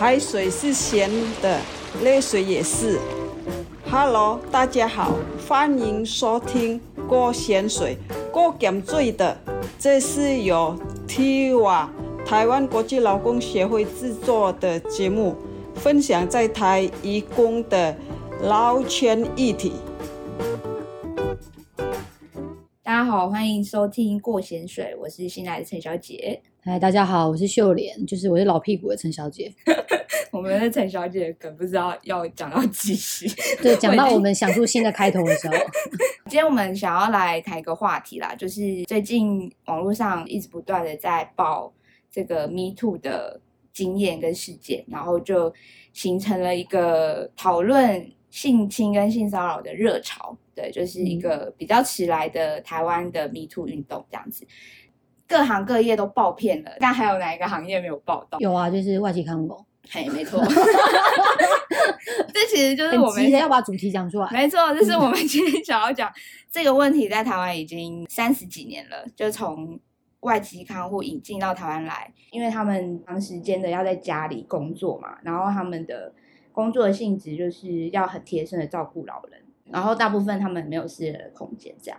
海水是鹹的，淚水也是。Hello，大家好，歡迎收聽《過鹹水過鹹水》水的，這是由 TIWA，台灣國際勞工協會制作的節目，分享在台移工的勞權議題。大家好，歡迎收聽《過鹹水》，我是新來的陳小姐。嗨，大家好，我是秀蓮，就是我是老屁股的陳小姐。 我們的陳小姐可不知道要講到幾時。 對，講到我們想出新的開頭的時候。 今天我們想要來談一個話題啦，就是最近網絡上一直不斷的在報這個 Me Too 的經驗跟事件，然後就形成了一個討論性侵跟性騷擾的熱潮。對，就是一個比較遲來的台灣的 Me Too 運動這樣子。嗯。各行各業都爆騙了，但還有哪一個行業沒有爆動？有啊，就是外籍看護。哎，沒錯， 這其實就是我們今天要把主題講出來。沒錯，就是我們今天想要講、嗯、這個問題，在台灣已經三十幾年了，就從外籍看護引進到台灣來，因為他們長時間的要在家裡工作嘛，然後他們的工作的性質就是要很貼身的照顧老人，然後大部分他們沒有私人的空間，這樣。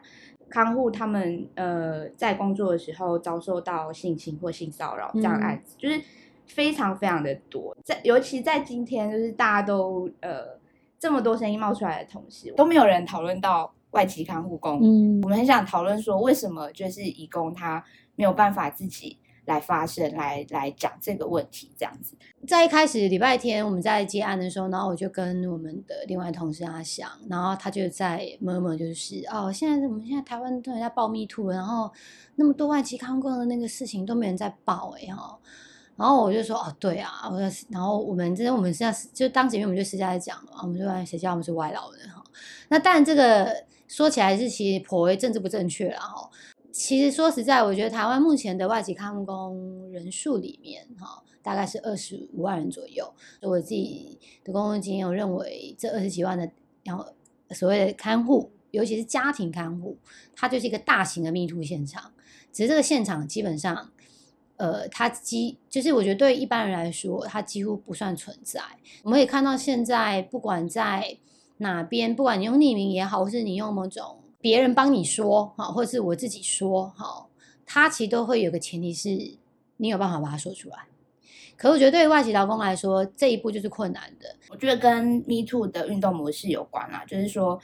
看護他們，呃，在工作的時候遭受到性侵或性騷擾這樣的案子，嗯、就是非常非常的多。在尤其在今天，就是大家都呃這麼多聲音冒出來的同時，都沒有人討論到外籍看護工。嗯，我們很想討論說，為什麼就是移工他沒有辦法自己，來發聲，來來講這個問題，這樣子。在一開始禮拜天我們在接案的時候，然後我就跟我們的另外同事阿、啊、翔，然後他就在摸摸，就是哦，現在我們現在台灣突然在爆 me too，然後那麼多外籍看護工的那個事情都沒人在報耶，哎、哦、哈。然後我就說，哦，對啊，我說，然後我們這，我們現在就當時因為我們就私下在講，嘛，我們就問誰叫我們是外勞人哈、哦。那當然這個說起來是其實頗為政治不正確了哈。哦其實說實在，我覺得台灣目前的外籍看護工人數裡面，哈，大概是二十五萬人左右。我自己的工作經驗，我認為這二十幾萬的，然後所謂的看護，尤其是家庭看護，它就是一個大型的 me too 現場。只是這個現場基本上，呃，它幾，就是我覺得對一般人來說，它幾乎不算存在。我們可以看到現在，不管在哪邊，不管你用匿名也好，或是你用某種。別人幫你說好，或是我自己說好，他其實都會有個前提是你有辦法把它說出來。可我覺得對於外籍勞工來說，這一步就是困難的。我覺得跟 Me Too 的運動模式有關啊，就是說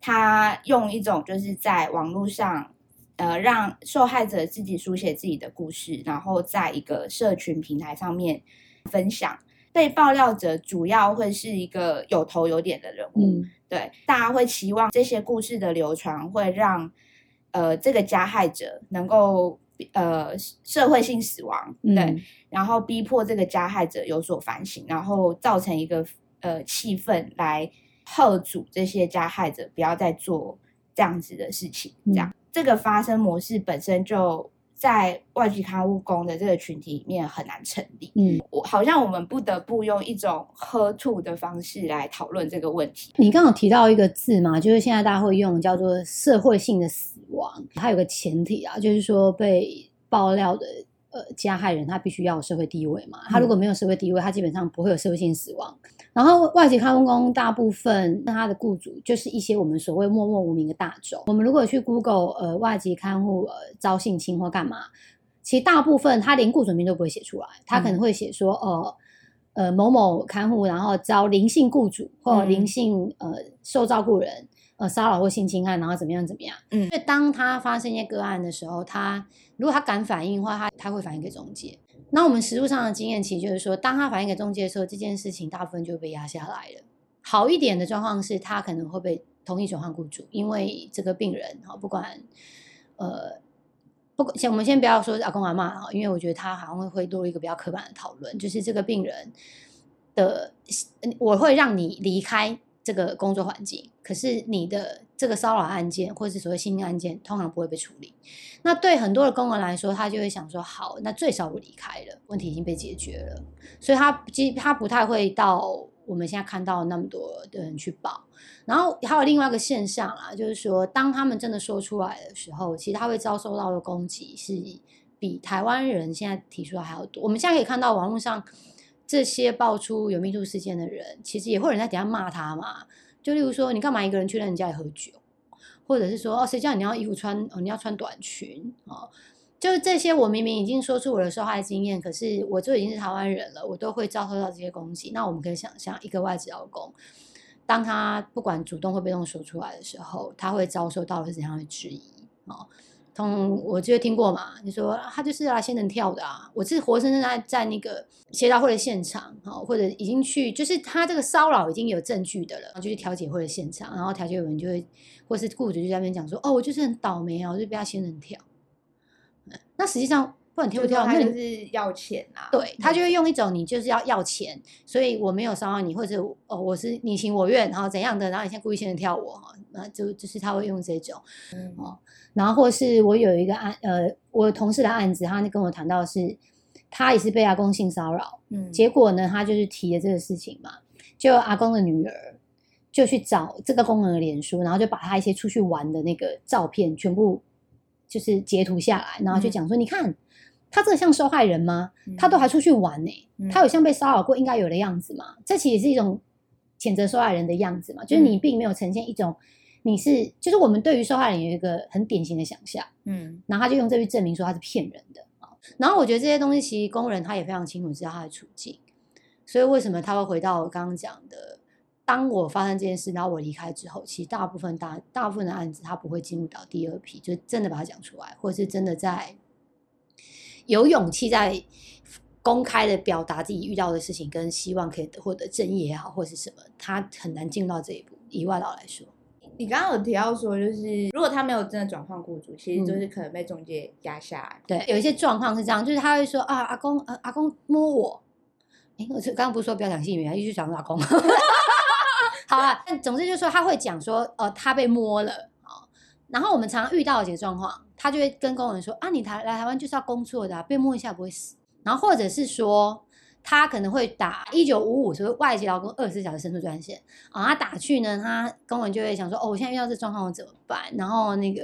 他用一種就是在網絡上，呃，讓受害者自己書寫自己的故事，然後在一個社群平台上面分享。被爆料者主要會是一個有頭有臉的人物，嗯、對大家會期望這些故事的流傳會讓，呃，這個加害者能夠呃社會性死亡，對，嗯、然後逼迫這個加害者有所反省，然後造成一個呃氣氛來嚇阻這些加害者不要再做這樣子的事情，嗯、這樣這個發生模式本身就。在外籍看護工的這個群體裡面很難成立，嗯，我好像我們不得不用一種喝吐的方式來討論這個問題。你剛剛有提到一個字嘛，就是現在大家會用叫做“社會性的死亡”，它有個前提啊，就是說被爆料的。呃、加害人他必須要有社會地位嘛，他如果沒有社會地位，嗯、他基本上不會有社會性死亡。然後外籍看護工大部分，那他的雇主就是一些我們所謂默默無名的大眾。我們如果去 Google 呃外籍看護呃招性侵或幹嘛，其實大部分他連雇主名都不會寫出來，他可能會寫說哦。嗯，呃呃，某某看護，然後遭靈性雇主或靈性呃受照顧人呃騷擾或性侵害，然後怎麼樣怎麼樣？嗯，因為當他發生一些個案的時候，他如果他敢反應的話，他他會反應給中介。那我們實務上的經驗，其實就是說，當他反應給中介的時候，這件事情大部分就被壓下來了。好一點的狀況是他可能會被同意轉換雇主，因為這個病人哈、哦，不管呃。不，先我們先不要說阿公阿嬤、哦、因為我覺得他好像會會落入一個比較刻板的討論，就是這個病人的，我會讓你離開這個工作環境，可是你的這個騷擾案件或是所謂性侵案件，通常不會被處理。那對很多的工人來說，他就會想說，好，那最少我離開了，問題已經被解決了，所以他其實他不太會到我們現在看到那麼多的人去報。然後還有另外一個現象啦，就是說，當他們真的說出來的時候，其實他會遭受到的攻擊是比台灣人現在提出來還要多。我們現在可以看到網絡上這些爆出有 me too 事件的人，其實也會有人在底下罵他嘛。就例如說，你幹嘛一個人去了人家裡喝酒，或者是說，哦，誰叫你，你要衣服穿，哦，你要穿短裙，哦，就是這些，我明明已經說出我的受害經驗，可是我就已經是台灣人了，我都會遭受到這些攻擊。那我們可以想象，一個外籍勞工。當他不管主動或被動說出來的時候，他會遭受到的是怎樣的質疑？哦，從我就聽過嘛，你說他就是要來仙人跳的啊！我是活生生在在那個協調會的現場、哦、或者已經去，就是他這個騷擾已經有證據的了，然後就去調解會的現場，然後調解員就會或是雇主就在那邊講說，哦，我就是很倒霉啊，我就不要仙人跳。那實際上。不管跳不跳，那就他是要錢啊！人對，嗯、他就會用一種你就是要要錢，所以我沒有騷擾你，或者哦，我是你情我願，然後怎樣的，然後你現在故意性的跳我，哈，那就就是他會用這種，嗯，哦，然後或者是我有一個案，呃，我同事的案子，他跟我談到是，他也是被阿公性騷擾，嗯，結果呢，他就是提了這個事情嘛，就阿公的女兒就去找這個工人的臉書，然後就把他一些出去玩的那個照片全部就是截圖下來，然後就講說，嗯、你看。他這個像受害人嗎？他都還出去玩呢，欸，嗯、他有像被騷擾過應該有的樣子嗎？嗯、這其實是一種譴責受害人的樣子嘛，就是你並沒有呈現一種你是，嗯、就是我們對於受害人有一個很典型的想象，嗯，然後他就用這句證明說他是騙人的。然後我覺得這些東西，其實工人他也非常清楚知道他的處境，所以為什麼他會回到我剛剛講的，當我發生這件事，然後我離開之後，其實大部分大大部分的案子他不會進入到第二批，就是，真的把他講出來，或者是真的在。嗯有勇氣在公開的表達自己遇到的事情，跟希望可以獲得，得正義也好，或是什麼，他很難進入到這一步。以外勞來說，你剛剛有提到說，就是如果他沒有真的轉換雇主，其實就是可能被中介壓下來、嗯、對，有一些狀況是這樣，就是他會說：“啊，阿公，阿、啊、阿公摸我。欸”我這剛剛不是說不要講性別，還是去講阿公？ 好啊。」但總之就是說，他會講說：“呃，他被摸了。”然後我們常常遇到的一些狀況，他就會跟工人說：“啊，你台來台灣就是要工作的啊，被摸一下不會死。”然後或者是說，他可能會打一九五五，所謂外籍勞工二十四小時申訴專線。啊，他打去呢，他工人就會想說：“哦，我現在遇到這狀況，我怎麼辦？”然後那個。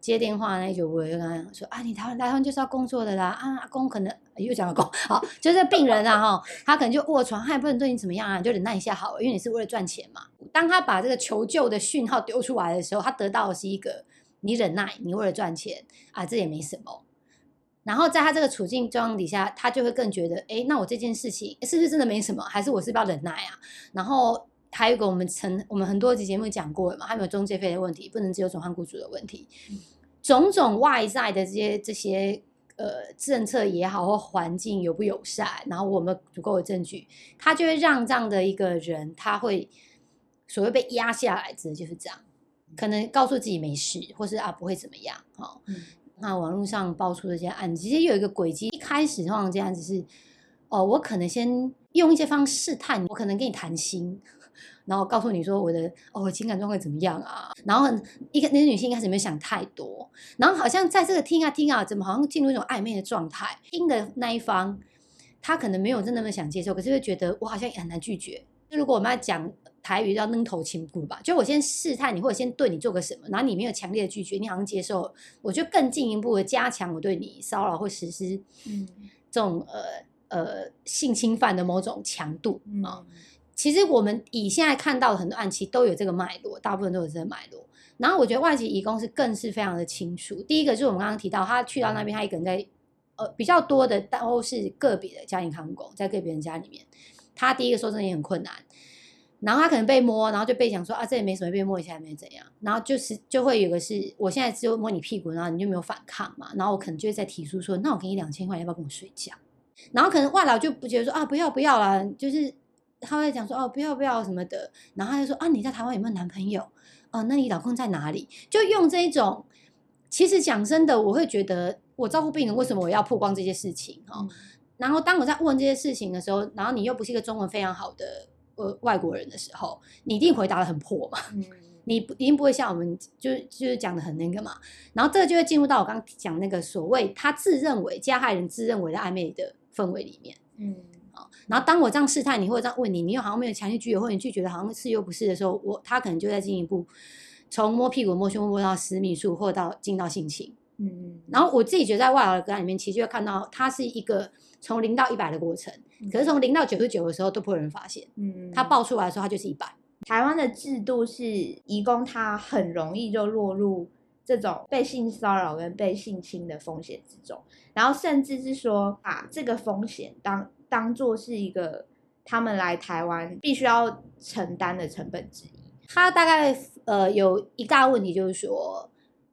接電話那一句我就跟他講說啊，你台灣台灣就是要工作的啦，啊阿公可能、欸、又講阿公，好就是病人啊哈，他可能就臥床，他也不能對你怎麼樣啊，你就忍耐一下好了，因為你是為了賺錢嘛。當他把這個求救的訊號丟出來的時候，他得到的是一個你忍耐，你為了賺錢啊，這也沒什麼。然後在他這個處境狀況底下，他就會更覺得，哎、欸，那我這件事情是不是真的沒什麼？還是我是不要忍耐啊？然後。他有個我們曾我們很多集節目講過的嘛？還有中介費的問題，不能只有轉換雇主的問題，種種外在的這些這些呃政策也好，或環境有不友善，然後我們足夠的證據，他就會讓這樣的一個人，他會所謂被壓下來，的就是這樣，可能告訴自己沒事，或是啊不會怎麼樣，好、哦，嗯、那網絡上爆出這些案子，其實有一個軌跡，一開始的話這樣子是，哦，我可能先用一些方式試探你，我可能跟你談心。然後告訴你說，我的哦，情感狀況怎麼樣啊？然後一個那個女性應該是沒有想太多，然後好像在這個聽啊聽啊，怎麼好像進入一種曖昧的狀態？聽的那一方，她可能沒有真的那麼想接受，可是會覺得我好像也很難拒絕。如果我們要講台語，叫軟土深掘吧，就我先試探你，或者先對你做個什麼，然後你沒有強烈的拒絕，你好像接受，我就更進一步的加強我對你騷擾或實施這種、嗯、呃呃性侵犯的某種強度啊。嗯其實我們以現在看到的很多案其實都有這個脈絡，大部分都有這個脈絡。然後我覺得外籍移工是更是非常的清楚。第一個就是我們剛剛提到，他去到那邊，他一個人在，呃，比較多的都是個別的家庭看護工，在個別人家裡面，他第一個說真的也很困難。然後他可能被摸，然後就被想說啊，這也沒什麼，被摸一下也沒怎樣。然後就是就會有個是，我現在只有摸你屁股，然後你就沒有反抗嘛。然後我可能就會再提出說，那我給你兩千塊錢，要不要跟我睡覺？然後可能外勞就不覺得說啊，不要不要了，就是。他會講說哦，不要不要什麼的，然後他就說啊，你在台灣有沒有男朋友？哦，那你老公在哪裡？就用這一種，其實講真的，我會覺得我照顧病人，為什麼我要曝光這些事情？哦，嗯，然後當我在問這些事情的時候，然後你又不是一個中文非常好的外國人的時候，你一定回答得很破嘛。嗯，你一定不會像我們就就是講的很那個嘛。然後這個就會進入到我剛剛講那個所謂他自認為加害人自認為的曖昧的氛圍裡面，嗯然後當我這樣試探你，或者這樣問你，你又好像沒有強烈拒絕，或者你拒絕的，好像是又不是的時候，我他可能就在進一步從摸屁股、摸胸、摸到私密處，或到進到性侵。嗯。然後我自己覺得在外勞的個案裡面，其實就會看到它是一個從零到一百的過程。嗯。可是從零到九十九的時候都不會有人發現。嗯。它爆出來的時候，它就是一百。台灣的制度是，移工他很容易就落入這種被性騷擾跟被性侵的風險之中，然後甚至是說把、啊、這個風險當，當作是一個他們來台灣必須要承擔的成本之一。他大概呃有一大問題就是說，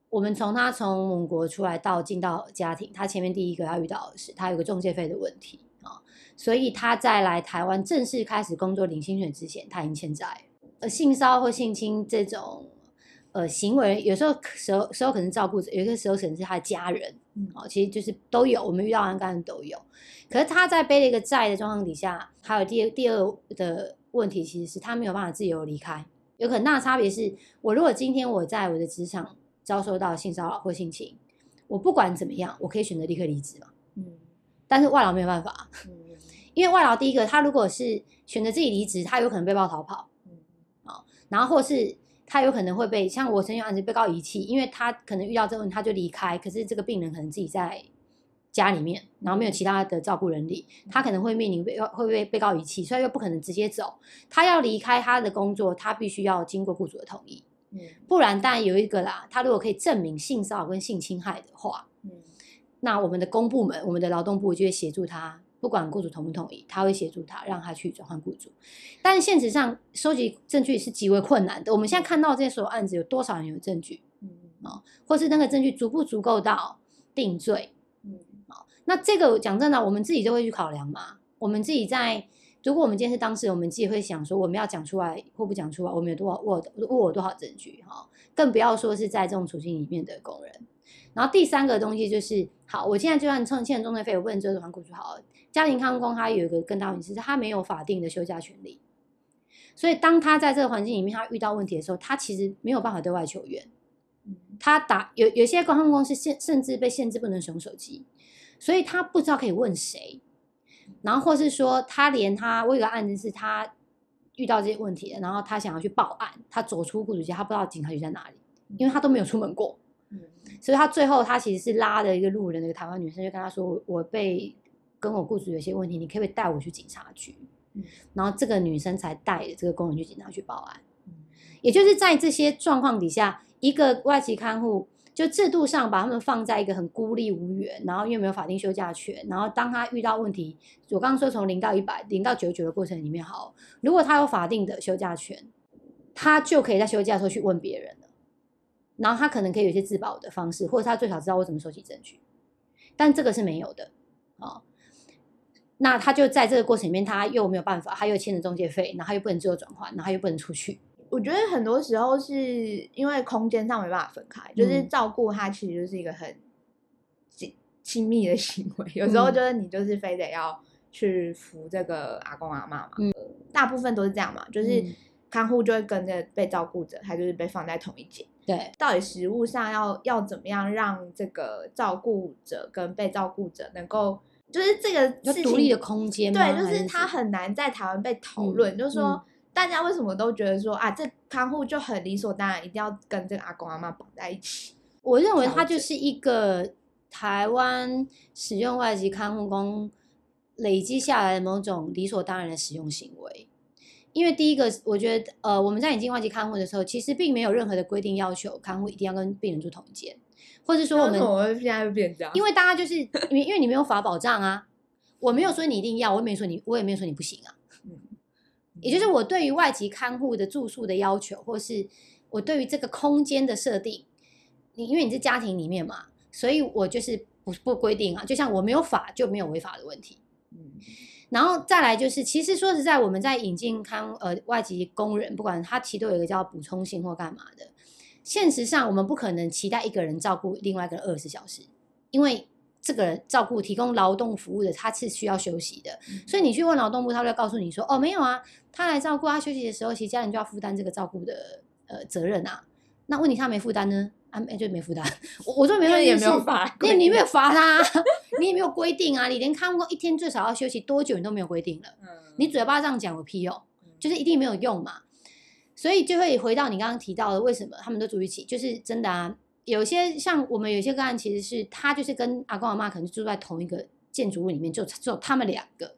我們從他從母國出來到進到家庭，他前面第一個要遇到的是他有個中介費的問題啊、哦，所以他在來台灣正式開始工作領薪水之前，他已經欠債了。呃，性騷或性侵這種。呃，行為有時候，時候時候可能照顧着，有些時候可能是他的家人，哦、嗯，其實就是都有，我們遇到的案件都有。可是他在背了一個債的狀況底下，還有第二第二的問題，其實是他沒有辦法自由離開。有很大的差別是，我如果今天我在我的職場遭受到性騷擾或性侵，我不管怎麼樣，我可以選擇立刻離職嘛。嗯。但是外勞沒有辦法，嗯、因為外勞第一個，他如果是選擇自己離職，他有可能被迫逃跑，嗯，哦，然後或是。他有可能會被像我曾經有案子被告遺棄，因為他可能遇到這個問題他就離開，可是這個病人可能自己在家裡面，然後沒有其他的照顧人力，他可能會面臨被會被被告遺棄，所以又不可能直接走，他要離開他的工作，他必須要經過雇主的同意，不然當然有一個啦，他如果可以證明性騷擾跟性侵害的話，那我們的公部門，我們的勞動部就會協助他，不管雇主同不同意，他會協助他，讓他去轉換雇主。但是現實上，收集證據是極為困難的。我們現在看到這些所有案子，有多少人有證據？嗯哦、或是那個證據足不足夠到定罪？嗯哦、那這個講真的，我們自己就會去考量嘛。我們自己在，如果我們今天是當事人，我們自己會想說，我們要講出來，或不講出來？我們有多少我有我我多少證據？哈、哦，更不要說是在這種處境裡面的工人。然後第三個東西就是，好，我現在就算欠欠中介費，我不能就轉換雇主好了，好。家庭看護工他有一個更大的問題，是他沒有法定的休假權利，所以當他在這個環境裡面，他遇到問題的時候，他其實沒有辦法對外求援。他打有有些看護工是甚至被限制不能使用手機，所以他不知道可以問誰。然後或是說，他連他我有個案子是他遇到這些問題，然後他想要去報案，他走出雇主家，他不知道警察局在哪裡，因為他都沒有出門過。所以他最後他其實是拉著一個路人，一個台灣女生就跟他說：“我被。”跟我雇主有些問題，你可不可以帶我去警察局？嗯，然後這個女生才帶這個工人去警察局報案。嗯，也就是在這些狀況底下，一個外籍看護就制度上把他們放在一個很孤立無援，然後又沒有法定休假權。然後當他遇到問題，我剛剛說從零到一百，零到九九的過程裡面，好，如果他有法定的休假權，他就可以在休假的時候去問別人了。然後他可能可以有些自保的方式，或者他最少知道我怎麼收集證據，但這個是沒有的。那他就在這個過程裡面，他又沒有辦法，他又欠了中介費，然後又不能自由轉換，然後又不能出去。我覺得很多時候是因為空間上沒辦法分開，嗯、就是照顧他其實就是一個很，親親密的行為。嗯、有時候覺得你就是非得要去扶這個阿公阿媽嘛，嗯、大部分都是這樣嘛，就是看護就會跟着被照顧者，他就是被放在同一間。對，到底食物上要要怎麼樣讓這個照顧者跟被照顧者能夠。就是這個獨立的空間，對，就是他很難在台灣被討論。嗯、就是說，嗯、大家為什麼都覺得說啊，這看護就很理所當然，一定要跟這個阿公阿嬤綁在一起？我認為他就是一個台灣使用外籍看護工累積下來的某種理所當然的使用行為。因為第一個，我覺得呃，我們在引進外籍看護的時候，其實並沒有任何的規定要求看護一定要跟病人住同一間。或者說我們因為大家就是因為因為你沒有法保障啊，我沒有說你一定要，我也沒說你，我也沒有說你不行啊。嗯，也就是我對於外籍看護的住宿的要求，或是我對於這個空間的設定，你因為你是家庭裡面嘛，所以我就是不不規定啊。就像我沒有法，就沒有違法的問題。嗯，然後再來就是，其實說實在，我們在引進康呃外籍工人，不管他提都有一個叫補充性或幹嘛的。現實上，我們不可能期待一個人照顧另外一個人二十小時，因為這個人照顧提供勞動服務的他是需要休息的。所以你去問勞動部，他會告訴你說：“哦，沒有啊，他來照顧，他休息的時候，其實家人就要負擔這個照顧的呃責任啊。”那問題他沒負擔呢？啊，沒就沒負擔。我說沒問題，你你沒有罰他，你也沒有規定啊，你連看護一天最少要休息多久你都沒有規定了。你嘴巴這樣講有屁用？就是一定沒有用嘛。所以就會回到你剛剛提到的，為什麼他們都住一起？就是真的啊，有些像我們有些個案，其實是他就是跟阿公阿媽可能住在同一個建築物裡面，就只有他們兩個。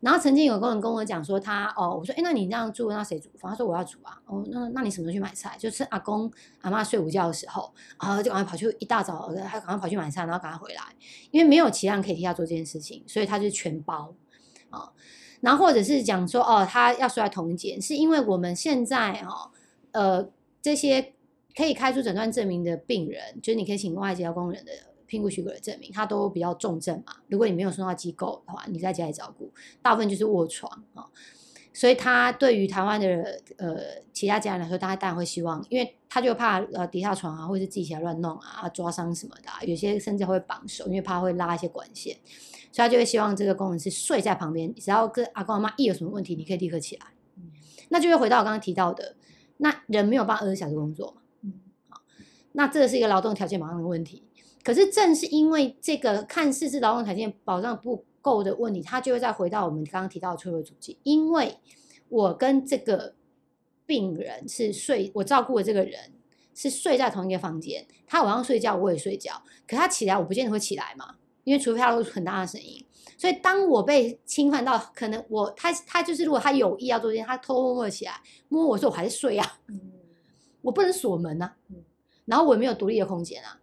然後曾經有個人跟我講說他，他哦，我說哎，那你這樣住，那誰煮？他說我要煮啊。哦，那那你什麼時候去買菜？就是阿公阿媽睡午覺的時候，然後，哦，就趕快跑去一大早，他趕快跑去買菜，然後趕快回來，因為沒有其他人可以替他做這件事情，所以他就全包啊。哦那或者是講說，哦，他要說要同檢，是因為我們現在哈、哦，呃，這些可以開出診斷證明的病人，就是你可以請外醫療工人的聘估許可證明，他都比較重症嘛。如果你沒有送到機構的話，你在家裡照顧，大部分就是臥床啊、哦，所以他對於台灣的呃其他家人來說，大家當然會希望，因為他就怕呃跌下床啊，或是自己起來亂弄啊，抓傷什麼的、啊，有些甚至會綁手，因為怕會拉一些管線。所以他就會希望這個工人是睡在旁邊，只要跟阿公阿媽一有什麼問題，你可以立刻起來。那就會回到我剛剛提到的，那人沒有辦法二十四小時工作嘛。嗯，好，那這是一個勞動條件保障的問題。可是正是因為這個看似是勞動條件保障不夠的問題，他就會再回到我們剛剛提到的脆弱處境，因為我跟這個病人是睡，我照顧的這個人是睡在同一個房間，他晚上睡覺我也睡覺，可他起來我不見得會起來嘛。因為除非他露出很大的聲音，所以當我被侵犯到，可能我他他就是如果他有意要做事，他偷偷摸摸起來摸我說我還是睡啊，我不能鎖門啊，然後我也沒有獨立的空間啊，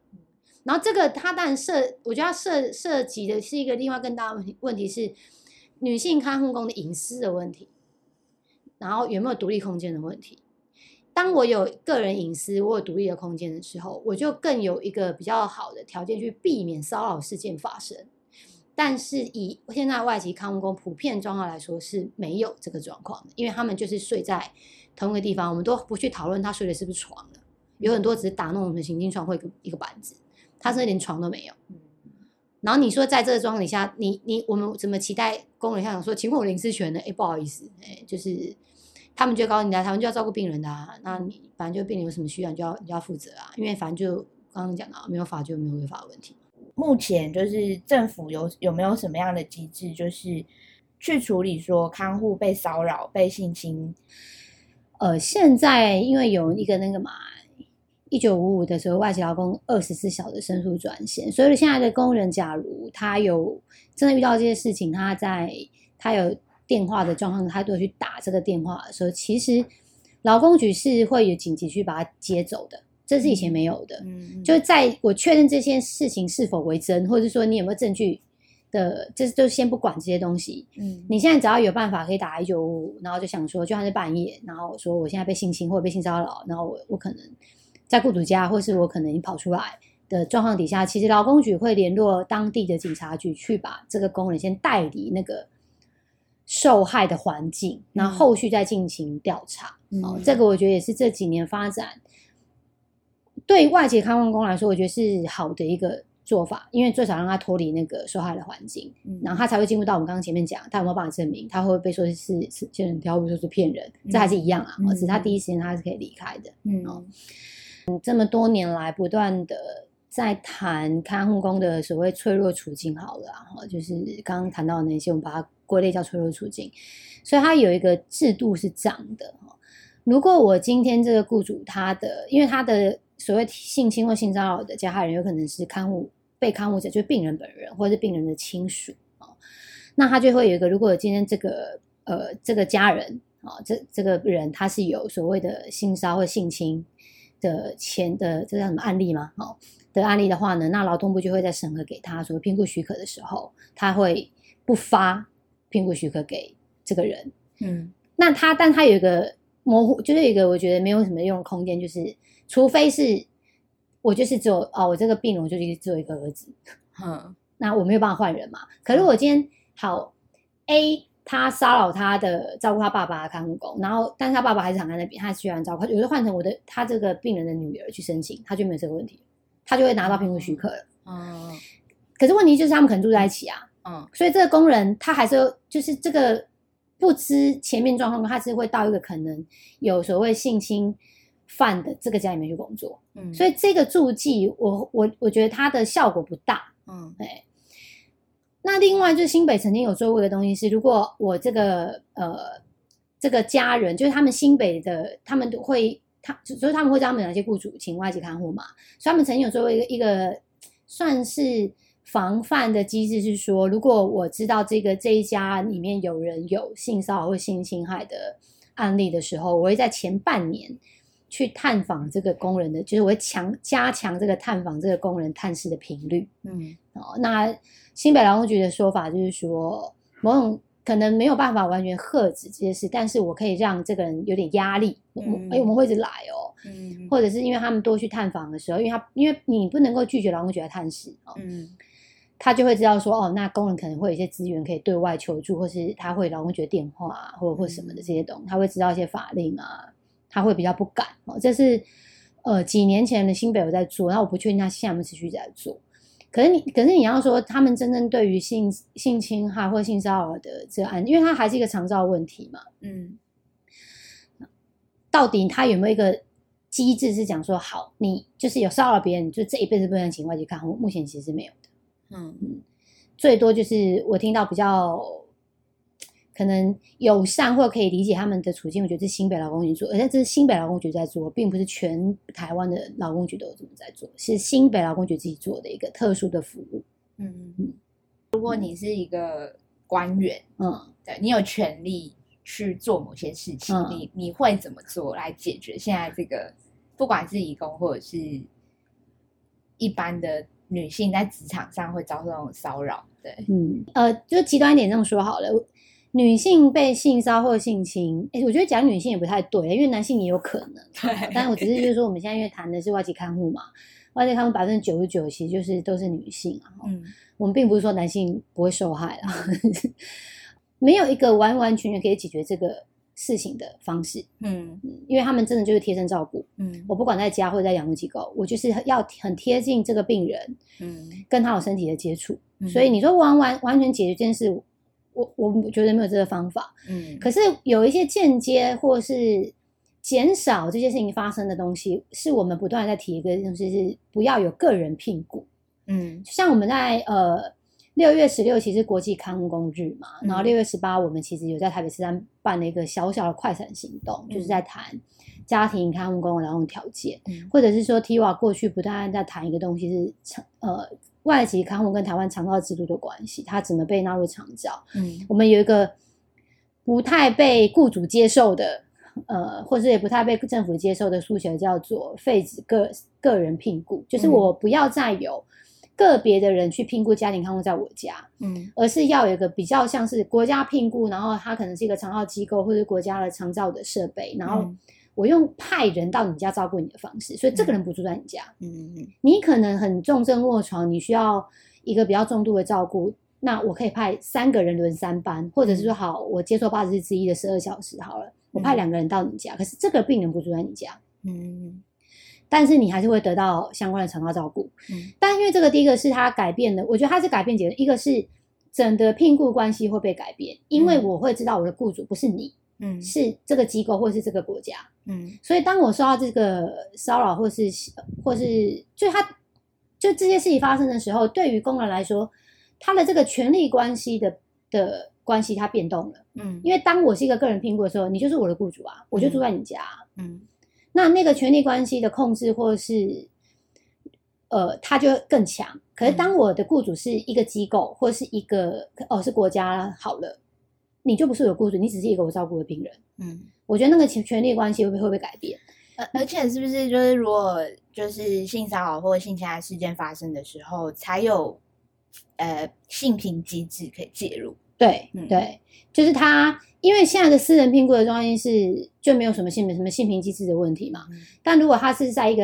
然後這個他當然涉，我覺得他涉涉及的是一個另外更大的問題，問題是女性看護工的隱私的問題，然後有沒有獨立空間的問題。當我有個人隱私，我有獨立的空間的時候，我就更有一個比較好的條件去避免騷擾事件發生。但是以現在外籍看護工普遍的狀況來說，是沒有這個狀況的，因為他們就是睡在同一個地方，我們都不去討論他睡的是不是床了。有很多只是打那種行軍床，會一個板子，他是連床都沒有。然後你說在這個狀況下，你你我們怎麼期待工人向長說，請問我臨時權呢？哎，不好意思，哎，就是。他們就告訴你啊，他們就要照顧病人的。啊，那你反正就病人有什麼需要，你就要你就要負責啊，因為反正就剛剛講到，沒有法就沒有違法的問題。目前就是政府有有沒有什麼樣的機制，就是去處理說看護被騷擾、被性侵？呃，現在因為有一個那個嘛，一九五五的時候外籍勞工二十四小時申訴專線。所以現在的工人，假如他有真的遇到這些事情他，他在他有。電話的狀況，他都會去打這個電話的時候，其實勞工局是會有緊急去把他接走的，這是以前沒有的。嗯，就是在我確認這些事情是否為真，或者說你有沒有證據的，就就先不管這些東西。嗯，你現在只要有辦法可以打一九五五，然後就想說，就算是半夜，然後我說我現在被性侵或者被性騷擾，然後我我可能在雇主家，或是我可能跑出來的狀況底下，其實勞工局會聯絡當地的警察局去把這個工人先帶離那個。受害的環境，然後後續再進行調查。嗯、哦，這個我覺得也是這幾年發展，對外籍看護工來說，我覺得是好的一個做法，因為最少讓他脫離那個受害的環境，然後他才會進入到我們剛剛前面講，他有沒有辦法證明，他會不會被說是是騙人，挑不說是騙人，這還是一樣啊。而、哦、且、嗯、他第一時間他是可以離開的。嗯、哦，這麼多年來不斷的在談看護工的所謂脆弱處境，好了、啊，然、哦、就是剛剛談到的那些，我們把它。國內叫出入處境，所以它有一個制度是這樣的。如果我今天這個雇主，他的因為他的所謂性侵或性騷擾的加害人有可能是看護被看護者，就是病人本人或者是病人的親屬，那他就會有一個。如果今天這個呃這個家人啊、哦，這這個人他是有所謂的性騷或性侵的前的，這叫什麼案例嗎？好、哦，的案例的話呢，那勞動部就會在審核給他所謂聘僱許可的時候，他會不發。聘僱許可給這個人，嗯，那他，但他有一個模糊，就是有一個我覺得沒有什麼用的空間，就是除非是，我就是只有哦，我這個病人，我就只有一個兒子，嗯，那我沒有辦法換人嘛。可是我今天、嗯、好，A 他騷擾他的照顧他爸爸的看護工，然後但是他爸爸還是想看他的病，他居然照顧，有時候換成我的他這個病人的女兒去申請，他就沒有這個問題，他就會拿到聘僱許可了。哦、嗯，嗯、可是問題就是他們可能住在一起啊。嗯嗯，所以這個工人他還是就是這個不知前面狀況，他是會到一個可能有所謂性侵犯的這個家裡面去工作。嗯，嗯，所以這個註記我我我覺得它的效果不大。嗯，對。那另外就是新北曾經有做過一個東西是，如果我這個呃這個家人就是他們新北的，他們都會他所以他們會叫他們有哪些雇主請外籍看護嘛？所以他們曾經有做過一個一個算是。防範的機制是說，如果我知道這個這一家裡面有人有性騷擾或性侵害的案例的時候，我會在前半年去探訪這個工人的，就是我會強加強這個探訪這個工人探視的頻率。嗯，哦，那新北勞工局的說法就是說，某種可能沒有辦法完全遏止這些事，但是我可以讓這個人有點壓力，嗯欸，我們會一直來哦，嗯，或者是因為他們多去探訪的時候，因為他因為你不能夠拒絕勞工局的探視，哦，嗯。他就會知道說，哦，那工人可能會有一些資源可以對外求助，或是他會勞工局電話啊，或或什麼的這些東西，他會知道一些法令啊，他會比較不敢。哦，這是呃幾年前的新北有在做，那我不確定他現在不持續在做。可是你，可是你要說他們真正對於性性侵害或性騷擾的這個案，因為它還是一個長照問題嘛，嗯，到底他有沒有一個機製是講說，好，你就是有騷擾別人，就這一輩子不能請外籍看護，我目前其實沒有。嗯，最多就是我聽到比較可能友善或可以理解他們的處境，我覺得是新北勞工局做，而且這是新北勞工局在做，並不是全台灣的勞工局都有這麼在做，是新北勞工局自己做的一個特殊的服務。嗯嗯，如果你是一個官員，嗯，對你有權利去做某些事情，你、嗯、你會怎麼做來解決現在這個不管是移工或者是一般的？女性在職場上會遭受那種騷擾，對，嗯，呃，就極端一點這麼說好了，女性被性騷擾或性侵，哎、欸，我覺得講女性也不太對，因為男性也有可能，對，但我只是就是說我們現在因為談的是外籍看護嘛，外籍看護百分之九十九其實就是都是女性啊。嗯，我們並不是說男性不會受害了呵呵，沒有一個完完全全可以解決這個。事情的方式，嗯，因為他們真的就是貼身照顧，嗯，我不管在家或者在養護機構，我就是要很貼近這個病人，嗯，跟他有身體的接觸，嗯、所以你說完完完全解決這件事，我我覺得沒有這個方法，嗯，可是有一些間接或是減少這些事情發生的東西，是我們不斷在提一個東西，就是不要有個人聘僱，嗯，就像我們在呃。六月十六其實國際看護工日嘛，嗯、然後六月十八我們其實有在台北市三辦了一個小小的快閃行動，嗯、就是在談家庭看護工勞動條件，嗯、或者是說 TIWA 過去不太在談一個東西是長呃外籍看護跟台灣長照制度的關係，它怎麼被納入長照？嗯，我們有一個不太被僱主接受的呃，或者也不太被政府接受的術語叫做廢止個個人聘僱，就是我不要再有。個別的人去聘僱家庭看護在我家，嗯，而是要有一個比較像是國家聘僱，然後他可能是一個長照機構或者是國家的長照的設備，然後我用派人到你家照顧你的方式，嗯、所以這個人不住在你家，嗯，嗯，嗯你可能很重症臥床，你需要一個比較重度的照顧，那我可以派三個人輪三班，嗯、或者是說好，我接受八日之一的十二小時好了，我派兩個人到你家，嗯、可是這個病人不住在你家，嗯。嗯但是你還是會得到相關的強化照顧，嗯，但因為這個第一個是他改變的，我覺得他是改變幾個，一個是整個聘雇關係會被改變，嗯，因為我會知道我的雇主不是你，嗯，是這個機構或是這個國家，嗯，所以當我受到這個騷擾或是或是就他就這些事情發生的時候，對於工人來說，他的這個權利關係的的關係他變動了，嗯，因為當我是一個個人聘雇的時候，你就是我的雇主啊，我就住在你家，嗯。嗯那那個權力關係的控制，或是，呃，他就更強。可是當我的雇主是一個機構，或是一個哦是國家啦好了，你就不是我的雇主，你只是一個我照顧的病人。嗯，我覺得那個權權力關係會，會，會不會改變？而、呃、而且是不是就是如果就是性騷擾或性侵害事件發生的時候，才有，呃，性平機制可以介入？對，對，就是他，因為現在的私人聘僱的中心是就沒有什麼性平什麼性平機制的問題嘛。嗯、但如果他是在一個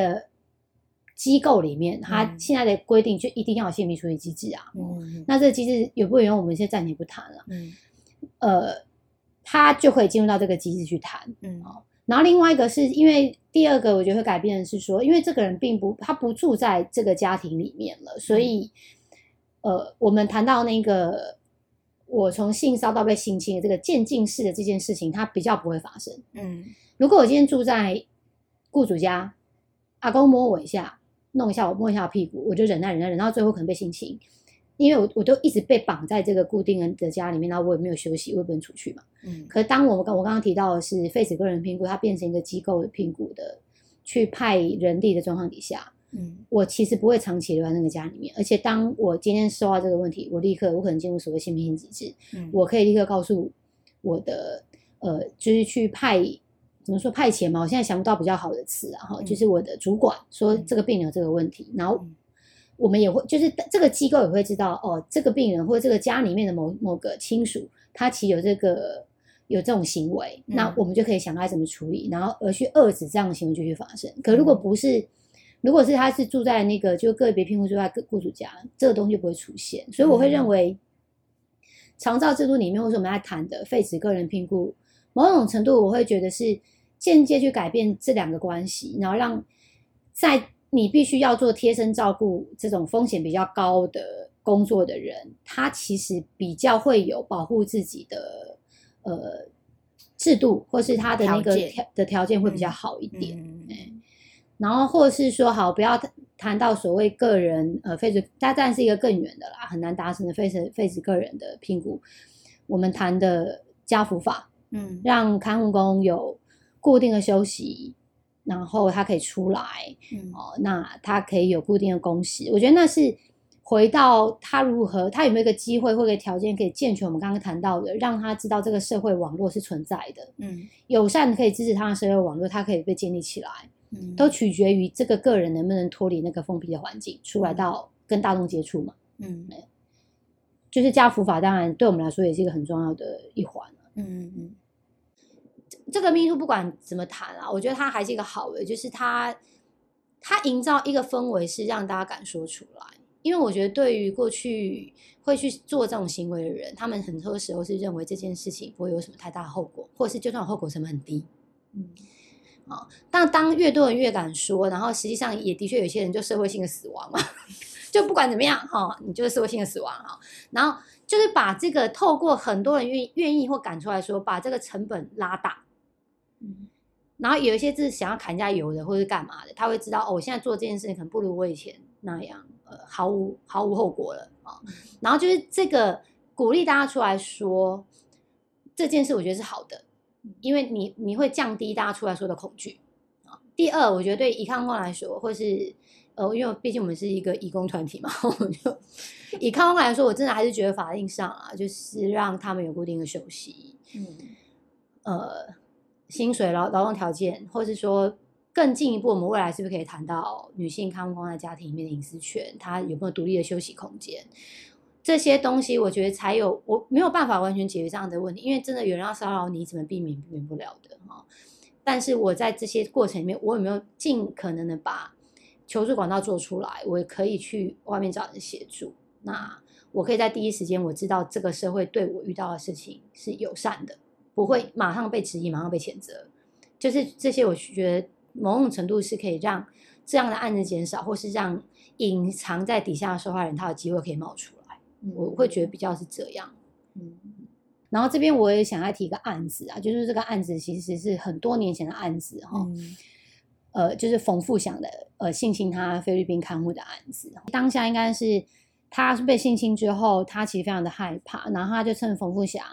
機構裡面，嗯、他現在的規定就一定要有性平處理機制啊。嗯嗯、那這機制有不有？我們先暫且不談了、啊。嗯、呃，他就可以進入到這個機制去談。嗯、然後另外一個是因為第二個我覺得會改變的是說，因為這個人並不他不住在這個家庭裡面了，所以、嗯、呃，我們談到那個。我從性騷擾到被性侵的這個漸進式的這件事情，它比較不會發生。嗯，如果我今天住在雇主家，阿公摸我一下，弄一下我摸一下我屁股，我就忍耐忍耐忍到最後可能被性侵，因為我我都一直被綁在這個固定的家裡面，然後我也沒有休息，我也不能出去嘛。嗯，可是當我們剛我剛剛提到的是廢止個人評估，它變成一個機構的評估的，去派人力的狀況底下。嗯，我其實不會長期留在那個家裡面，而且當我今天收到這個問題，我立刻我可能進入所謂新兵機制，嗯、我可以立刻告訴我的呃，就是去派怎麼說派遣嘛，我現在想不到比較好的詞，然後、嗯、就是我的主管說這個病人有這個問題，嗯、然後我們也會就是這個機構也會知道哦，這個病人或者這個家裡面的某某個親屬他其實有這個有這種行為，嗯、那我們就可以想該怎麼處理，然後而去遏制這樣的行為繼續發生。可如果不是。嗯如果是他是住在那個就個別聘僱住在雇主家，這個東西不會出現。所以我會認為，長照制度裡面，或是我們在談的廢止個人聘雇，某種程度我會覺得是間接去改變這兩個關係，然後讓在你必須要做貼身照顧這種風險比較高的工作的人，他其實比較會有保護自己的呃制度，或是他的那個條,件條的條件會比較好一點。嗯。嗯嗯然後，或者是說好，不要談,談到所謂個人呃廢止，當然是一個更遠的啦，很難達成的廢止廢止個人的評估。我們談的家服法，嗯，讓看護工有固定的休息，然後他可以出來，嗯、哦，那他可以有固定的工時。我覺得那是回到他如何，他有沒有一個機會，或者條件可以健全我們剛剛談到的，讓他知道這個社會網絡是存在的，嗯，友善可以支持他的社會網絡，他可以被建立起來。都取決於這個個人能不能脫離那個封閉的環境，出來到跟大眾接觸嘛。嗯、嗯，就是家服法，當然對我們來說也是一個很重要的一環、啊嗯。嗯嗯嗯，這個 MeToo 不管怎麼談啊，我覺得它還是一個好的、欸，就是它它營造一個氛圍，是讓大家敢說出來。因為我覺得，對於過去會去做這種行為的人，他們很多時候是認為這件事情不會有什麼太大的後果，或者是就算後果成本很低。嗯。啊、哦！但當越多人越敢說，然後實際上也的確有些人就社會性的死亡嘛， 就不管怎麼樣，哈、哦，你就是社會性的死亡啊、哦。然後就是把這個透過很多人願意願意或敢出來說，把這個成本拉大。嗯。然後有一些就是想要揩油的，或者是幹嘛的，他會知道哦，我現在做這件事情可能不如我以前那樣，呃，毫無毫無後果了啊、哦。然後就是這個鼓勵大家出來說這件事，我覺得是好的。因為你你會降低大家出來說的恐懼、啊、第二，我覺得對於看護工來說，或是、呃、因為畢竟我們是一個移工團體嘛，我就 以看護工來說，我真的還是覺得法令上啊，就是讓他們有固定的休息，嗯、呃，薪水勞勞動條件，或是說更進一步，我們未來是不是可以談到女性看護工在家庭裡面的隱私權，她有沒有獨立的休息空間？這些東西，我覺得才有，我沒有辦法完全解決這樣的問題，因為真的有人要騷擾你，怎麼避免避免不了的，哦。但是我在這些過程裡面，我有沒有盡可能的把求助管道做出來？我也可以去外面找人協助。那我可以在第一時間，我知道這個社會對我遇到的事情是友善的，不會馬上被質疑，馬上被譴責。就是這些，我覺得某種程度是可以讓這樣的案子減少，或是讓隱藏在底下的受害人他有機會可以冒出。我會覺得比較是這樣，嗯，然後這邊我也想要提一個案子啊，就是這個案子其實是很多年前的案子哈、哦，呃，就是馮富祥的呃性侵他菲律賓看護的案子，當下應該是他是被性侵之後，他其實非常的害怕，然後他就趁馮富祥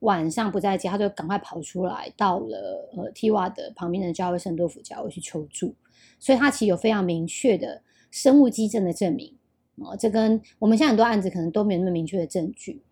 晚上不在家，他就趕快跑出來，到了呃提瓦的旁邊的教會聖多福教會去求助，所以他其實有非常明確的生物跡證的證明。這跟我們現在很多案子可能都沒有那麼明確的證據，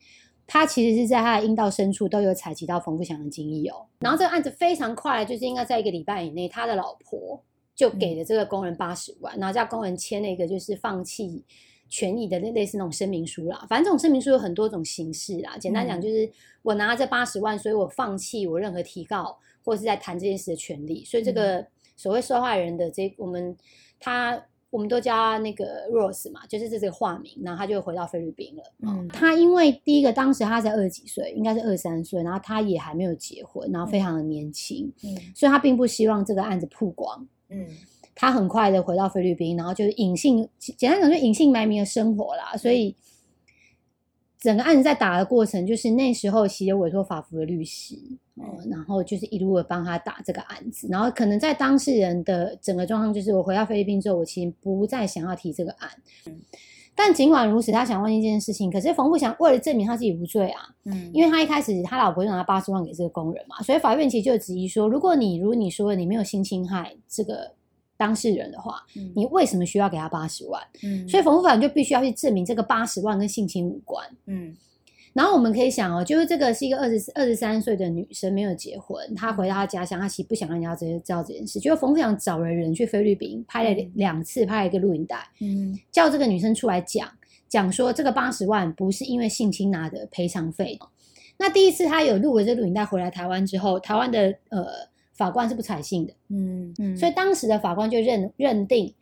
他其實是在他的陰道深處都有採集到馮富祥的精液哦。然後這個案子非常快，就是應該在一個禮拜以內，他的老婆就給了這個工人八十萬，然後叫工人簽了一個就是放棄權益的那類似那種聲明書啦。反正這種聲明書有很多種形式啦。簡單講就是我拿了這八十萬，所以我放棄我任何提告或者是在談這件事的權利。所以這個所謂受害人的這我們他。我們都叫那個 Rose 嘛，就是這是個化名，然後他就回到菲律賓了。嗯，他因為第一個當時他才二十幾歲，應該是二十三歲，然後他也還沒有結婚，然後非常的年輕，嗯，所以他並不希望這個案子曝光。嗯，他很快的回到菲律賓，然後就是隱姓，簡單講就隱姓埋名的生活啦，所以。嗯整個案子在打的過程，就是那時候其實有委托法扶的律師，嗯，然後就是一路的幫他打這個案子，然後可能在當事人的整個狀況，就是我回到菲律賓之後，我其實不再想要提這個案，嗯，但儘管如此，他想忘記這件事情，可是馮富祥為了證明他自己無罪啊，嗯，因為他一開始他老婆就拿八十萬給這個工人嘛，所以法院其實就質疑說，如果你如果你說你沒有性侵害這個。當事人的話，嗯，你為什麼需要給他八十萬？嗯，所以馮富祥就必須要去證明這個八十萬跟性侵無關。嗯，然後我們可以想哦，就是這個是一個二十二十三歲的女生，沒有結婚，她回到她家鄉，她其實不想讓人家知道知道這件事。就馮富祥找了人去菲律賓拍了兩次，拍了一個錄影帶，嗯，叫這個女生出來講講說，這個八十萬不是因為性侵拿的賠償費。那第一次她有錄了這錄影帶回來台灣之後，台灣的呃。法官是不採信的，嗯嗯，嗯，所以當時的法官就認認定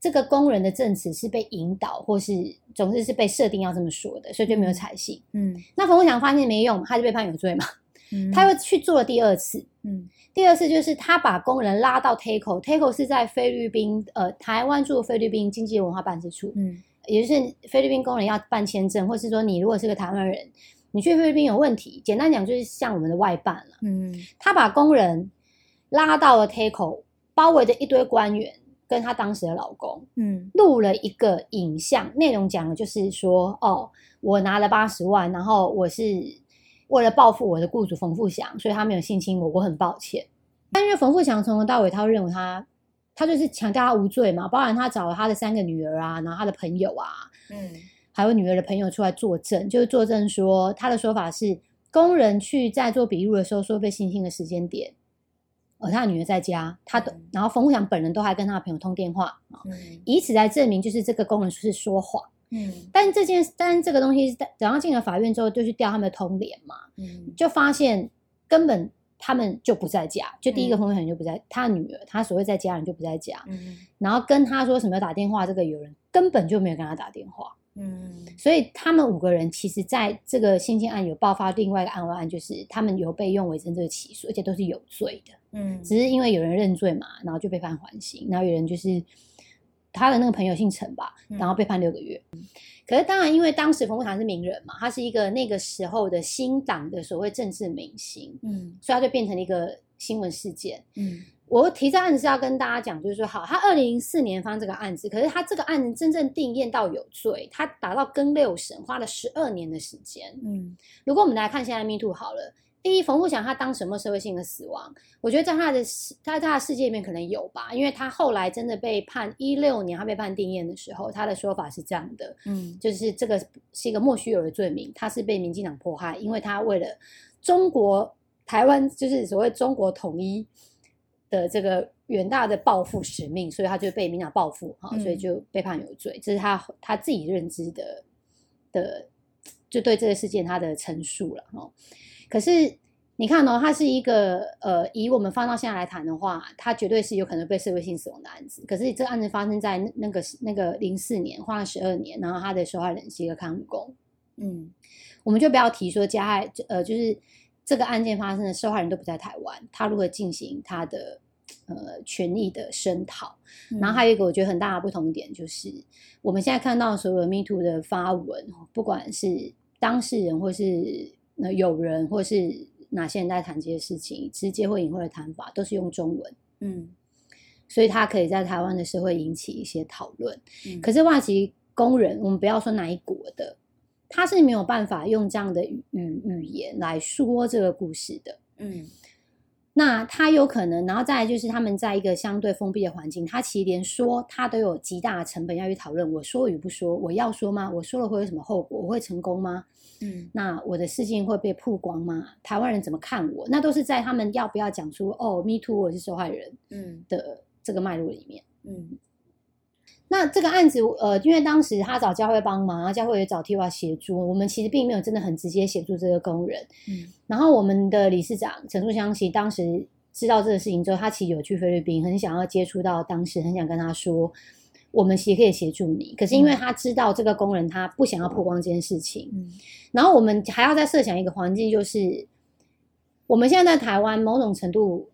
這個工人的證詞是被引導，或是總是是被設定要這麼說的，所以就沒有採信。嗯，嗯，那馮國強發現沒用，他就被判有罪嘛，嗯，他又去做了第二次，嗯，第二次就是他把工人拉到 TACO，TACO 是在菲律賓，呃，台灣駐菲律賓經濟文化辦事處，嗯，也就是菲律賓工人要辦簽證，或是說你如果是個台灣人，你去菲律賓有問題，簡單講就是像我們的外辦了，嗯，他把工人，拉到了 taco，包圍着一堆官員，跟她當時的老公，嗯，錄了一個影像，內容講的就是說，哦，我拿了八十萬，然後我是為了報復我的雇主馮富祥，所以他沒有性侵我，我很抱歉。但是馮富祥從頭到尾，他會認為他他就是強調他無罪嘛，包含他找了他的三個女兒啊，然後他的朋友啊，嗯，還有女兒的朋友出來作證，就是作證說他的說法是工人去在做筆錄的時候說被性侵的時間點，哦、他的女兒在家，他都、嗯、然後馮富強本人都還跟他的朋友通電話、嗯、以此來證明就是這個工人是說謊。嗯、但這件，但是這個東西在，然後進了法院之後就去調他們的通聯嘛，嗯、就發現根本他們就不在家，就第一個馮富強就不在，嗯、他女兒他所謂在家人就不在家，嗯、然後跟他說什麼要打電話，這個有人根本就沒有跟他打電話。嗯，所以他們五個人其實在這個性侵案有爆發另外一個案外案，就是他們有被用為政治起訴，而且都是有罪的。嗯，只是因為有人認罪嘛，然後就被判緩刑，然後有人就是他的那個朋友姓陳吧，然後被判六個月。嗯嗯嗯、可是當然，因為當時馮滬祥是名人嘛，他是一個那個時候的新黨的所謂政治明星，嗯，所以他就變成了一個新聞事件，嗯。嗯我提這案子，是要跟大家講，就是說，好，他二零零四年放這個案子，可是他這個案子真正定讞到有罪，他打到更六審花了十二年的時間。嗯，如果我們來看現在 Me Too 好了，嗯、第一，馮滬祥他當什麼社會性的死亡？我覺得在他的他在他的世界裡面可能有吧，因為他後來真的被判一六年，他被判定讞的時候，他的說法是這樣的，嗯，就是這個是一個莫須有的罪名，他是被民進黨迫害，因為他為了中國台灣，就是所謂中國統一。的這個遠大的抱負使命，所以他就被明了報復哈、哦，所以就被判有罪。嗯、這是他他自己認知的的，就對這個事件他的陳述了哈、哦。可是你看呢、哦，他是一個呃，以我們放到現在來談的話，他絕對是有可能被社會性死亡的案子。可是這個案子發生在那個那個零四年，花了十二年，然後他的受害人是一個看護工，嗯，我們就不要提說加害呃，就是。這個案件發生的受害人都不在台灣，他如何進行他的呃權益的聲討？嗯、然後還有一個我覺得很大的不同點就是，我們現在看到所有 MeToo 的發文，不管是當事人或是那友人或是哪些人在談這些事情，直接或隱晦的談法，都是用中文。嗯，所以他可以在台灣的社會引起一些討論。嗯、可是外籍工人，我們不要說哪一國的。他是沒有辦法用這樣的語語言來說這個故事的，嗯，那他有可能，然後再來就是他們在一個相對封閉的環境，他其實連說他都有極大的成本要去討論。我說與不說，我要說嗎？我說了會有什麼後果？我會成功嗎？嗯，那我的事情會被曝光嗎？台灣人怎麼看我？那都是在他們要不要講出哦，me too 我是受害人，嗯的這個脈絡裡面，嗯。嗯那這個案子，呃，因為當時他找教會幫忙，然後教會也找 TIWA 協助，我們其實並沒有真的很直接協助這個工人。嗯、然後我們的理事長陳素香，其實當時知道這個事情之後，他其實有去菲律賓，很想要接觸到，當時很想跟他說，我們其實可以協助你。可是因為他知道這個工人、嗯、他不想要曝光這件事情，嗯、然後我們還要再設想一個環境，就是我們現在在台灣，某種程度。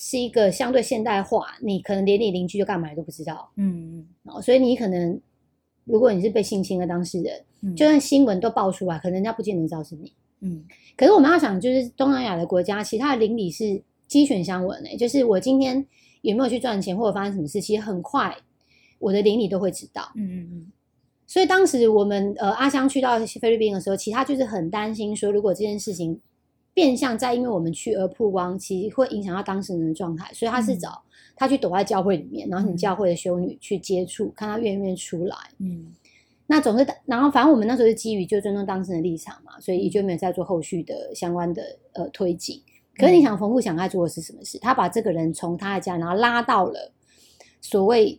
是一個相對現代化，你可能連你鄰居就幹嘛都不知道，嗯、哦，所以你可能如果你是被性侵的當事人，嗯、就算新聞都爆出來，可能人家不見得知道是你，嗯。可是我們要想，就是東南亞的國家，其他的鄰里是雞犬相聞誒、欸，就是我今天有沒有去賺錢或者發生什麼事，其實很快我的鄰里都會知道，嗯嗯嗯。所以當時我們呃阿香去到菲律賓的時候，其他就是很擔心說，如果這件事情。變相在因為我們去而曝光，其實會影響到當事人的狀態，所以他是找他去躲在教會裡面，嗯、然後請教會的修女去接觸，嗯、看他願不願意願出來。嗯，那總是然後反正我們那時候是基於就尊重當事人的立場嘛，所以也就沒有再做後續的相關的呃推進。嗯、可是你想，馮富想他做的是什麼事？他把這個人從他的家，然後拉到了所謂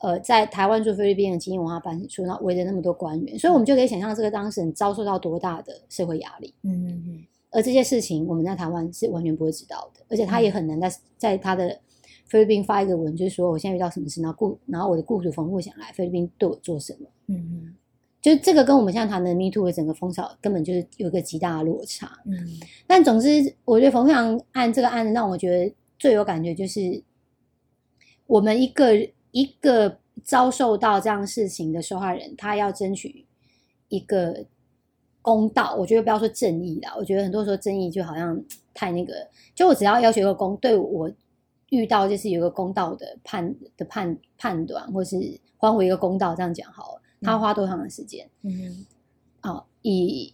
呃在台灣做菲律賓的經濟文化辦事處，然後圍着那麼多官員，所以我們就可以想象這個當事人遭受到多大的社會壓力。嗯嗯嗯。嗯嗯而這些事情，我們在台灣是完全不會知道的，而且他也很難在、嗯、在他的菲律賓發一個文，就是說我現在遇到什麼事，然後雇然後我的雇主馮滬祥來菲律賓對我做什麼，嗯哼，就這個跟我們現在談的 Me Too 的整個風潮根本就是有一個極大的落差，嗯，但總之，我覺得馮滬祥案這個案子讓我覺得最有感覺，就是我們一個一個遭受到這樣事情的受害人，他要爭取一個。公道，我覺得不要說正義啦。我覺得很多時候正義就好像太那個，就我只要要求一個公，對我遇到就是有一個公道的判的判判斷，或是還我一個公道，這樣講好了。他花多長的時間？嗯，好、哦。以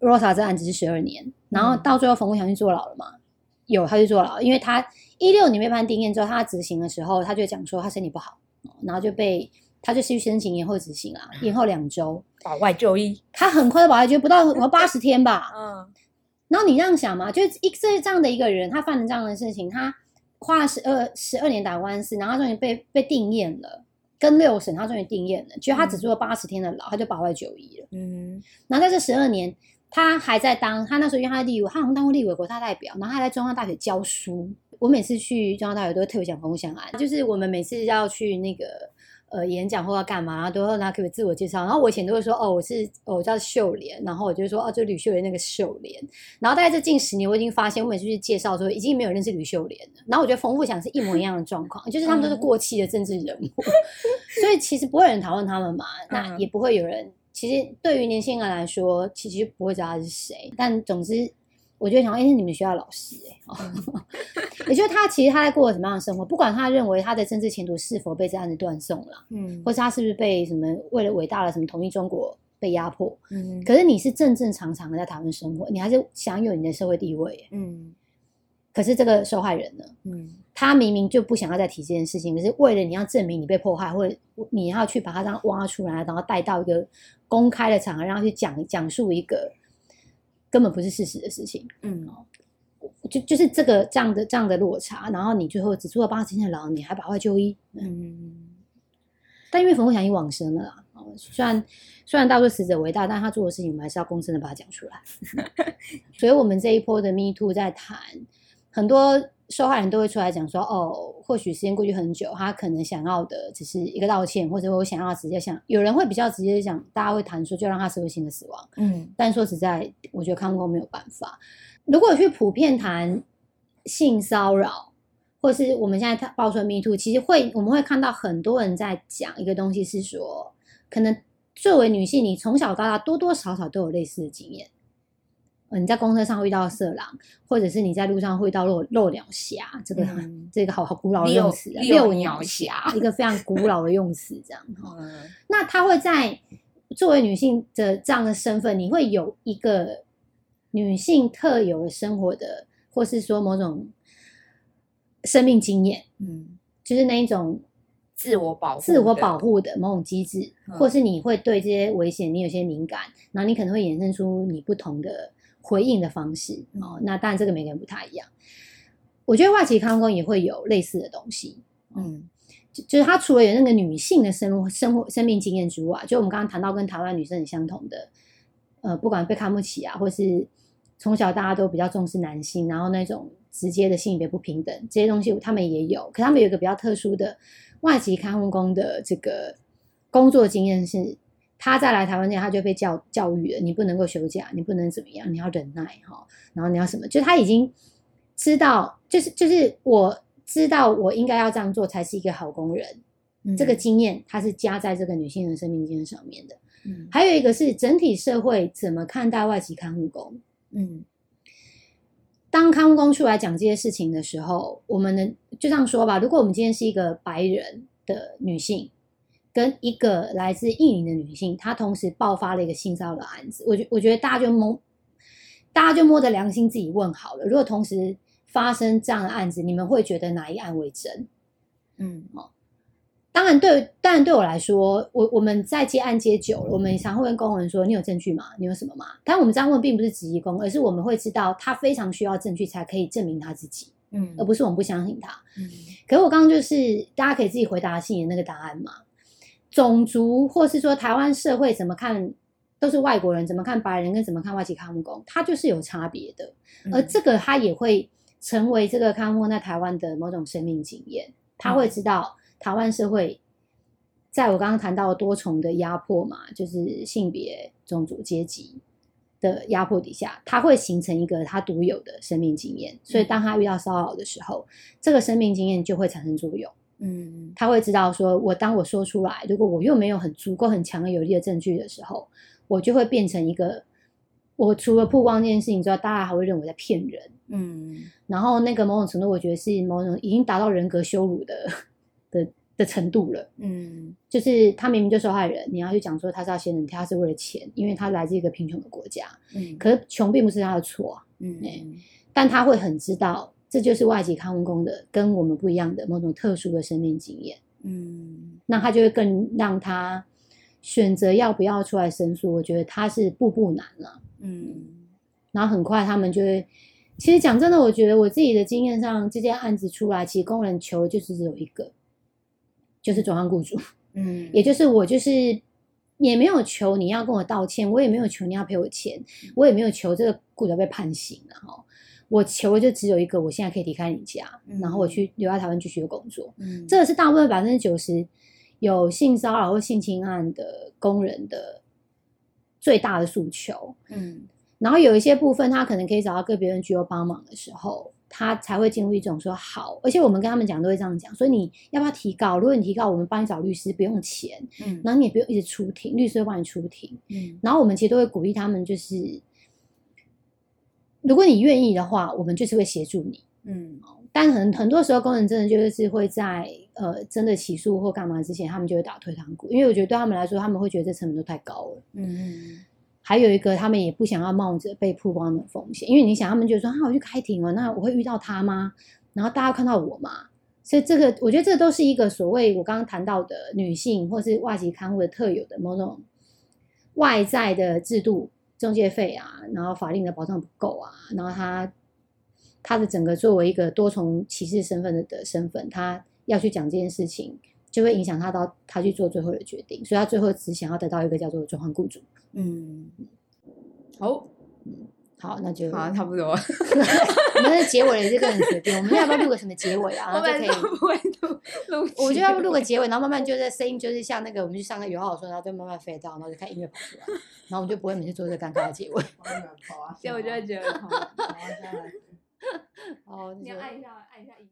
Rosa 這案子是十二年，然後到最後馮桂祥去坐牢了嘛？嗯、有，他去坐牢，因為他一六年被判定讞之後，他執行的時候，他就講說他身體不好，然後就被。他就去申請延後執行了、啊、延後兩周，保外就醫。他很快就保外就醫，不到有八十天吧。 嗯，然後你這樣想嘛，就一是一這這樣的一個人，他犯了這樣的事情，他花了十二十二年打官司，然後終於被被定讞了，更六審他終於定讞了，結果他只住了八十天的牢，他就保外就醫了。嗯，然後在這十二年，他還在當，他那時候因為他在立委，他好像當過立委，委國大代表，然後還在中央大學教書。我每次去中央大學都會特別想分享啊，就是我們每次要去那個。呃，演講或要幹嘛，然後都要他特自我介紹。然後我以前都會說，哦，我是、哦、我叫秀蓮，然後我就說，哦，就是呂秀蓮那個秀蓮。然後大概這近十年，我已經發現，我每次去介紹說，已經沒有認識呂秀蓮了。然後我覺得馮富祥是一模一樣的狀況， 就是他們都是過氣的政治人物， 所以其實不會有人討論他們嘛。那也不會有人， 其實對於年輕人來說，其實就不會知道他是誰。但總之。我覺得想，哎、欸，是你們學校老師哎、欸， 也就是他其實他在過什麼樣的生活？不管他認為他的政治前途是否被這案子斷送了，嗯，或者他是不是被什麼為了偉大的什麼統一中國被壓迫，嗯，可是你是正正常常的在台灣生活，你還是享有你的社會地位、欸，嗯，可是這個受害人呢，嗯，他明明就不想要再提這件事情，可、嗯、是為了你要證明你被迫害，或者你要去把他這樣挖出來，然後帶到一個公開的場合，然後去講講述一個。根本不是事實的事情，嗯，就就是這個這樣的這樣的落差，然後你最後只做了八十天的牢，你還保外就醫，嗯，嗯，但因為馮滬祥已經往生了啦。雖、雖然雖然大多死者為大，但他做的事情我們還是要公正的把他講出來， 所以我們這一波的 Me Too 在談。很多受害人都會出來講說：“哦，或許時間過去很久，他可能想要的只是一個道歉，或者我想要直接想，有人會比較直接想，大家會談說，就讓他社會性的死亡。”嗯，但說實在，我覺得康公沒有辦法。如果去普遍談性騷擾，或是我們現在爆出來的 Me Too，其實會我們會看到很多人在講一個東西，是說，可能作為女性，你從小到大多多少少都有類似的經驗。你在公車上會遇到色狼，或者是你在路上會遇到露露鳥俠，這個很、嗯、這個好好古老的用詞啊，露鳥俠六年 一個非常古老的用詞，這樣哈。嗯、那他會在作為女性的這樣的身份，你會有一個女性特有的生活的，或是說某種生命經驗，嗯，就是那一種自我保護、自我保護的某種機制，嗯、或是你會對這些危險你有些敏感，然後你可能會衍生出你不同的。回應的方式哦，那當然這個每個人不太一樣。我覺得外籍看護工也會有類似的東西，嗯，就就是他除了有那個女性的生活生活、生命經驗之外，啊，就我們剛剛談到跟台灣女生很相同的，呃，不管被看不起啊，或是從小大家都比較重視男性，然後那種直接的性別不平等這些東西，他們也有。可他們有一個比較特殊的外籍看護工的這個工作經驗是。他再來台灣那天，他就被教教育了。你不能夠休假，你不能怎麼樣，你要忍耐哈。然後你要什麼？就是他已經知道，就是就是我知道我應該要這樣做，才是一個好工人。嗯、這個經驗，他是加在這個女性的生命經驗上面的。嗯、還有一個是整體社會怎麼看待外籍看護工？嗯，當看護工出來講這些事情的時候，我們能就這樣說吧？如果我們今天是一個白人的女性。跟一個來自印尼的女性，她同時爆發了一個性騷擾案子。我覺我覺得大家就摸，大家就摸着良心自己問好了。如果同時發生這樣的案子，你們會覺得哪一案為真？嗯，哦，當然對，當然對我來說，我我們在接案接久了，嗯、我們常會跟工人說：“你有證據嗎？你有什麼嗎？”但我們這樣問並不是質疑工人，而是我們會知道他非常需要證據才可以證明他自己。嗯，而不是我們不相信他。嗯，可我剛剛就是大家可以自己回答信言那個答案嘛。種族，或是說台灣社會怎麼看，都是外國人怎麼看白人跟怎麼看外籍看護工，他就是有差別的。而這個他也會成為這個看護在台灣的某種生命經驗，他會知道台灣社會，在我剛剛談到多重的壓迫嘛，就是性別、種族、階級的壓迫底下，他會形成一個他獨有的生命經驗。所以當他遇到騷擾的時候，這個生命經驗就會產生作用。嗯，他會知道說，我當我說出來，如果我又沒有很足夠、很強的有力的證據的時候，我就會變成一個，我除了曝光這件事情之外，大家還會認為在騙人。嗯，然後那個某種程度，我覺得是某種已經達到人格羞辱的的的程度了。嗯，就是他明明就受害人，你要去講說他是要先人，他是為了錢，因為他來自一個貧窮的國家。嗯，可是窮並不是他的錯。嗯、欸，但他會很知道。這就是外籍看護工，的跟我們不一樣的某種特殊的生命經驗。嗯，那他就會更讓他選擇要不要出來申訴。我覺得他是步步難了。嗯，然後很快他們就會，其實講真的，我覺得我自己的經驗上，這件案子出來，其實工人求就是只有一個，就是轉換雇主。嗯，也就是我就是也沒有求你要跟我道歉，我也沒有求你要賠我錢，我也沒有求這個雇主要被判刑了哈。然後我求的就只有一個，我現在可以離開你家，嗯、然後我去留在台灣繼續工作。嗯、這個是大部分百分之九十有性騷擾或性侵案的工人的最大的訴求。嗯、然後有一些部分他可能可以找到個別人居留幫忙的時候，他才會進入一種說好。而且我們跟他們講都會這樣講，所以你要不要提告？如果你提告，我們幫你找律師，不用錢。嗯，然後你也不用一直出庭，律師會幫你出庭。嗯，然後我們其實都會鼓勵他們，就是。如果你願意的話，我們就是會協助你。嗯，但很很多時候，工人真的就是會在呃真的起訴或幹嘛之前，他們就會打退堂鼓，因為我覺得對他們來說，他們會覺得這成本都太高了。嗯，還有一個，他們也不想要冒着被曝光的風險，因為你想，他們就說，啊，我去開庭了啊，那我會遇到他嗎？然後大家看到我嗎？所以這個，我覺得這個都是一個所謂我剛剛談到的女性或是外籍看護的特有的某種外在的制度。中介費啊，然後法令的保障不夠啊，然後他他的整個作為一個多重歧視身份的的身份，他要去講這件事情，就會影響他到他去做最後的決定，所以他最後只想要得到一個叫做轉換僱主。嗯，好。Oh. 嗯。好，那就好、啊，差不多、啊。 我們結尾也是一個很隨便，是我們要不要錄個什麼結尾呀？我們不會錄，我就要不錄個結尾，然後慢慢就在聲音，就是像那個我們去上個友好的時候，然後就慢慢飛到，然後就看音樂跑出來，然後我們就不會每次做這個尷尬的結尾。好 啊，所以、啊啊、我就覺得 好啊，這樣。來 好。你先按一下，按一下音。